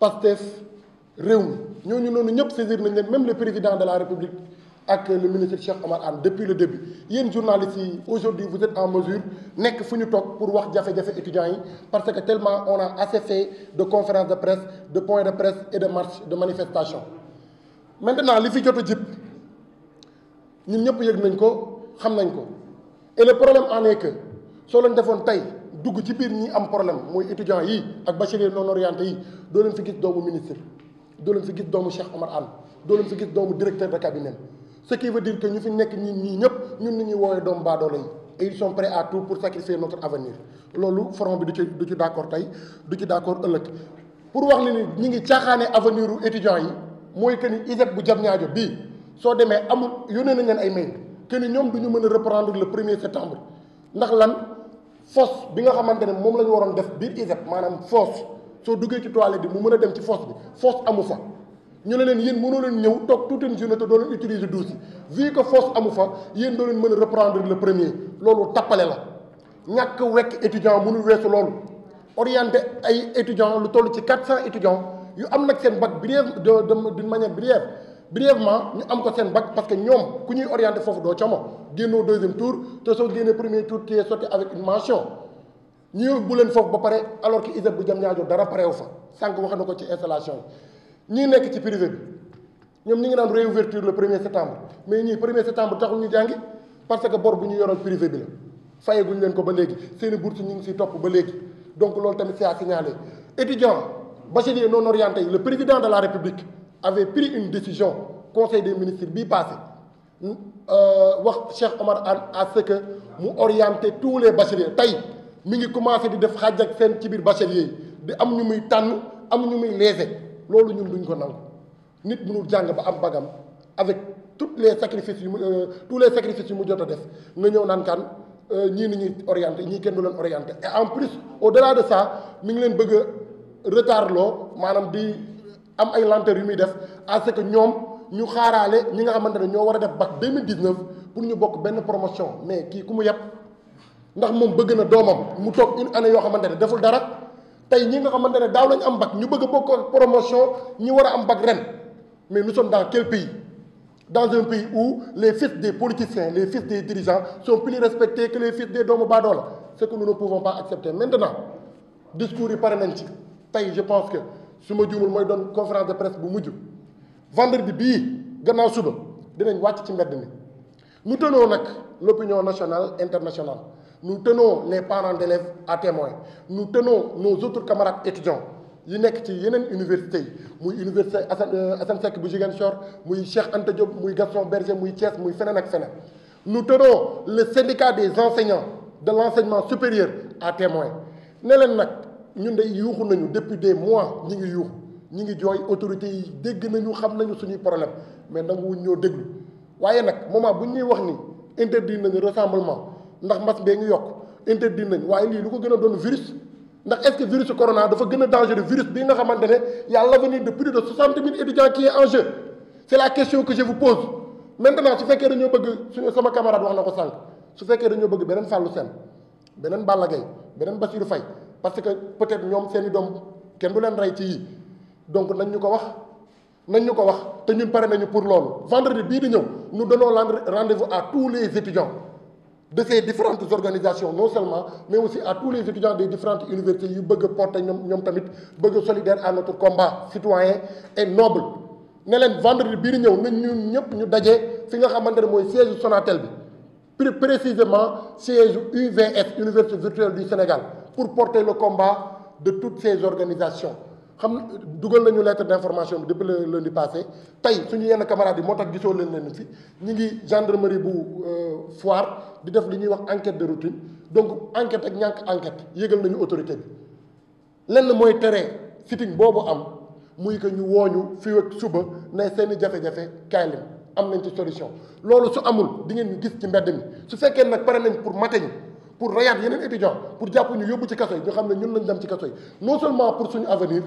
Pastef réew mi ñu noonu ñëpp saisir nañ leen même le président de la République ak le ministre Cheikh Omar Anne depuis le début yéen journalistes yi aujourd'hui vous êtes en mesure nekk fu ñu toog pour wax jafe-jafe étudiants yi parce que tellement on a assez fait de conférences de presse de points de presse et de marches de manifestations. maintenant li fi jot a jib ñun ñëpp yëg nañ ko xam nañ ko et le problème en est soo leen defoon tey. dugg ci biir ñi am problème mooy étudiants yi ak bachelier non orienté yi doo leen fi gis doomu ministre doo leen fi gis doomu Cheikh Omar Anne doo leen fi gis doomu directeur de cabinet ce qui veut dire que ñu fi nekk ñi ñii ñëpp ñun ni ñuy woowee doom baadoolo yi et ils sont prêts à tout pour sacrifier notre avenir loolu front bi du ci du ci d' accord tey du ci d' ëllëg pour wax li ni ñi ngi caaxaane avenir u yi mooy que ni ISEP bu jam ñaajo bii soo demee amul yónnee nañ leen ay mail que ñoom du ñu mën a reprendre le premier septembre ndax lan fosse bi nga xamante ne moom la ñu waroon def biir ISEP maanaam fosse soo duggee ci toilette bi mu mën a dem ci fosse bi fosse amu fa ñu ne leen yéen mënoo leen ñëw toog toute une journée te doo leen utiliser douche yi vu que fosse amu fa yéen doo leen mën a reprendre le premier loolu tappale la ñàkk wekk étudiant nu weesu loolu oriente ay étudiants lu toll ci quatre cent étudiants yu am nag seen bac brève de de d'une manière brève brièvement ñu am ko seen bac parce que ñoom ku ñuy orienté foofu doo como génnoo deuxième tour te soo génnee premier tour tu es sorti avec une mention ñu yóbbu leen foofu ba pare alors que ISEP bu jam ñaajo dara pareewu fa sànq wax ko ci installation yi nekk ci privé bi ñoom ñi ngi naan réouverture le premier septembre mais ñii premier septembre taxul ñu jàngi parce que bor bu ñu yoroon privé bi la fayeguñ leen ko ba léegi seen i bourse ñu ngi si topp ba léegi donc loolu tamit c'est à signaler étudiant bachelier non orienté yi le président de la république avait pris une décision conseil des ministres bii passé euh, wax Cheikh Omar Anne à que mu orienter tous les bacheliers tey mi ngi commencé di def xaaj ak seen ci biir bacheliers yi di am ñu muy tànn am ñu muy léese loolu ñun duñ ko nangu nit mënul jàng ba am bagam avec toutes les sacrifices yu mu euh, tous les sacrifices yu mu jot a def nga ñëw naan kan euh, ñii ni ñuy oriente ñii kenn du leen orienté et en plus au delà de ça mi ngi leen bëgg a retard loo maanaam di. am ay lenteur yu muy def à ce que ñoom ñu xaaraale ñi nga xamante ne ñoo war a def bac 2019 pour ñu bokk benn promotion mais kii ku mu yàpp ndax moom bëgg na doomam mu toog une année yoo xamante ne deful dara tey ñi nga xamante ne daaw lañu am bac ñu bëgg a bokk promotion ñi war a am bac ren mais nous dans quel pays dans un pays où les fils de politiciens les fils des dirigeants sont plus respectés que les fils des doomu baadoola ce que nous ne pouvons pas accepter maintenant discours yi pare nañ ci tey je pense que su ma juumul mooy doon conférence de presse bu mujj vendredi bii gannaaw suba dinañ wàcc ci mbedd mi nous tenons nag l'opinion nationale internationale nous tenons les parents d'élèves à témoin nous tenons nos autres camarades étudiants yi nekk ci yeneen université yi muy université Assane euh, Assane Seck bu Ziguinchor muy Cheikh Anta Diop muy Gaston Berger muy Thiès muy feneen ak feneen nous tenons le syndicat des enseignants de l'enseignement supérieur à témoin ne leen nag ñun day yuuxu nañu depuis des mois ñi ngi yuuxu ñi ngi jooy autorité yi dégg nañu xam nañu suñuy problème mais nanguwuñ ñoo déglu waaye nag moom moment bu ñuy wax ni interdit nañu rassemblement ndax mbas bee ngi yokk interdit nañ waaye lii lu ko gën a doon virus ndax est-ce que virus corona dafa gën a dangereux virus bi nga xamante ne y a l'avenir de plus de soixante mille étudiants qui est en jeu c'est la question que je pose maintenant su fekkee dañoo bëgg su sama camarade wax na ko sànq su dañoo bëgg beneen Fallou Sène beneen Balla Gaye beneen Bassirou Faye parce que peut-être ñoom seeni doom kenn du leen rey ci yii donc nañ ñu ko wax nañ ñu ko wax te ñun pare nañu pour loolu vendredi bii di ñëw nous donnons rendez-vous à tous les étudiants de ces différentes organisations non seulement mais aussi à tous les étudiants des différentes universités yu bëgg a porter ñoom ñoom tamit bëgg solidaire à notre combat citoyen et noble ne leen vendredi bii di ñëw nañ ñëpp ñu daje fi nga xamante ne mooy siège Sonatel bi plus précisément siège UVS Université Sénégal pour porter le combat de toutes ces organisations xam dugal nañu lettre d'information bi depuis le lundi passé tey suñu yenn camarades yi moo tax gisoo leen leen fi ñu ngi gendarmerie bu euh, Foire di def li ñuy wax enquête de routine donc enquête ak ñàkk enquête yëgal nañu autorité bi lenn mooy tere sitting boobu am muy que ñu wooñu fii ak suba ne seen i jafe-jafe kaay am nañ ci solution loolu su amul di ngeen gis ci mbedd mi su fekkee nag pare nañ pour mate pour rayaat yeneen étudiants pour jàpp ñu yóbbu ci kaso yi ñu xam ne ñun lañ dem ci kaso yi non seulement pour suñu avenir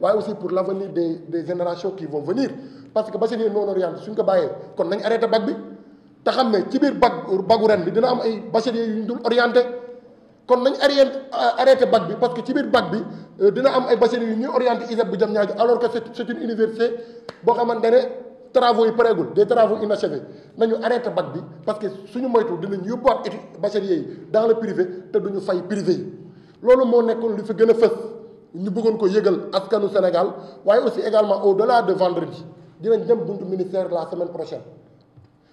waaye aussi pour l' avenir des des générations qui vont venir parce que bachelier non orienté suñ ko bàyyee kon nañ arrêté bac bi te xam ne ci biir bac ren bi dina am ay bachelier yu ñu dul orienté kon nañ arrêté arrêté bac bi parce que ci biir bac bi euh, dina am ay bachelier yu ñuy orienté ISEP bu jam ñaaju alors que c' université boo xamante ne travaux yi pareegul des travaux inachevés nañu arrêté bac bi parce que suñu moytu dinañu yóbbuwaat études bacheliers yi dans le privé te duñu fay privé yi loolu moo nekkoon lu fi gën a fës ñu bëggoon ko yëgal askanu Sénégal waaye aussi également au delà de vendredi dinañ dem buntu ministère la semaine prochaine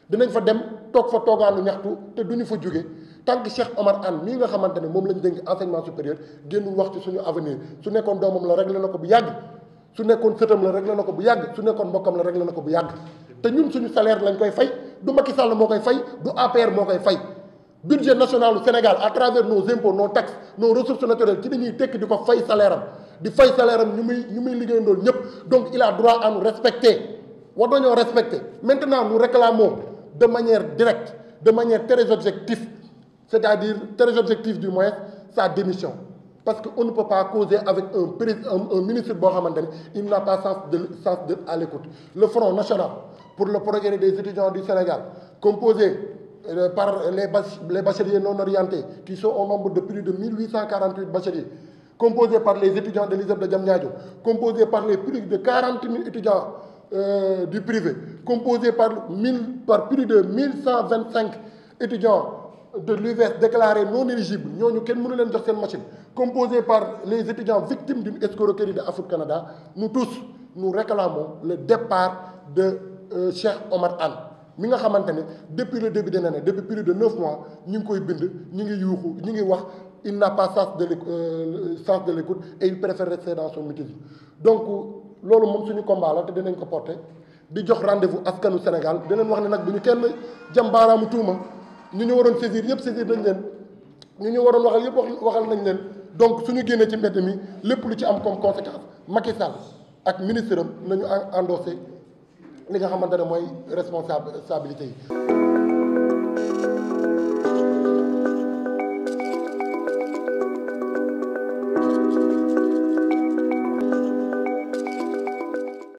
dinañ fa dem toog fa toogaanu ñaxtu te duñu fa jóge tant que Cheikh Omar Anne mii nga xamante ne moom lañ dénk enseignement supérieur génn wax ci suñu avenir su nekkoon doomam la na ko bu yàgg su nekkoon sëtam la réglé na ko bu yàgg su nekkoon mbokkam la réglé na ko bu yàgg te ñun suñu salaire lañ koy fay du Macky Sall moo koy fay du APR moo koy fay budget national du Sénégal à travers nos impôts nos taxes nos ressources naturelles ci ñuy tekki di ko fay salaire am di fay salaire am ñu muy ñu muy liggéeyandool ñëpp donc il a droit à nous respecter war nañoo respecter maintenant nous réclamons de manière direct de manière très objective c'est-à-dire très objective du sa démission parce que ne peut pas causer avec un président un ministre boo xamante ne il n'a pas sens de sens de à l'écoute le front national pour le progrès des étudiants du Sénégal composé euh, par les bach les bacheliers non orientés qui sont au nombre de plus de 1848 bacheliers composé par les étudiants de l'ISEP de Diamniadio composé par les plus de 40 000 étudiants euh, du privé composé par mille par plus de 1125 étudiants de l'UVS déclarés non éligibles ñooñu kenn mënu leen jox seen machine composée par les étudiants victimes d'une escroquerie de Afrique Canada nous tous nous réclamons le départ de euh, Cheikh Omar mi nga xamante ne depuis le début de l'année depuis plus de neuf mois ñu ngi koy bind ñu ngi yuuxu ñu ngi wax il n'a pas sens de l'écoute euh, sens de l'écoute et il préfère rester dans donc loolu moom suñu combat la te dinañ ko porter di jox rendez-vous askanu Sénégal dinañ wax ne nag bu ñu kenn jëm baaraamu tuuma ñu ñu waroon saisir yëpp saisir nañ leen ñu ñu waroon waxal yëpp wax waxal nañ leen donc ñu génnee ci mbedd mi lépp lu ci am comme conséquence Macky Sall ak ministre am nañu endossé li nga xamante ne mooy responsabilité yi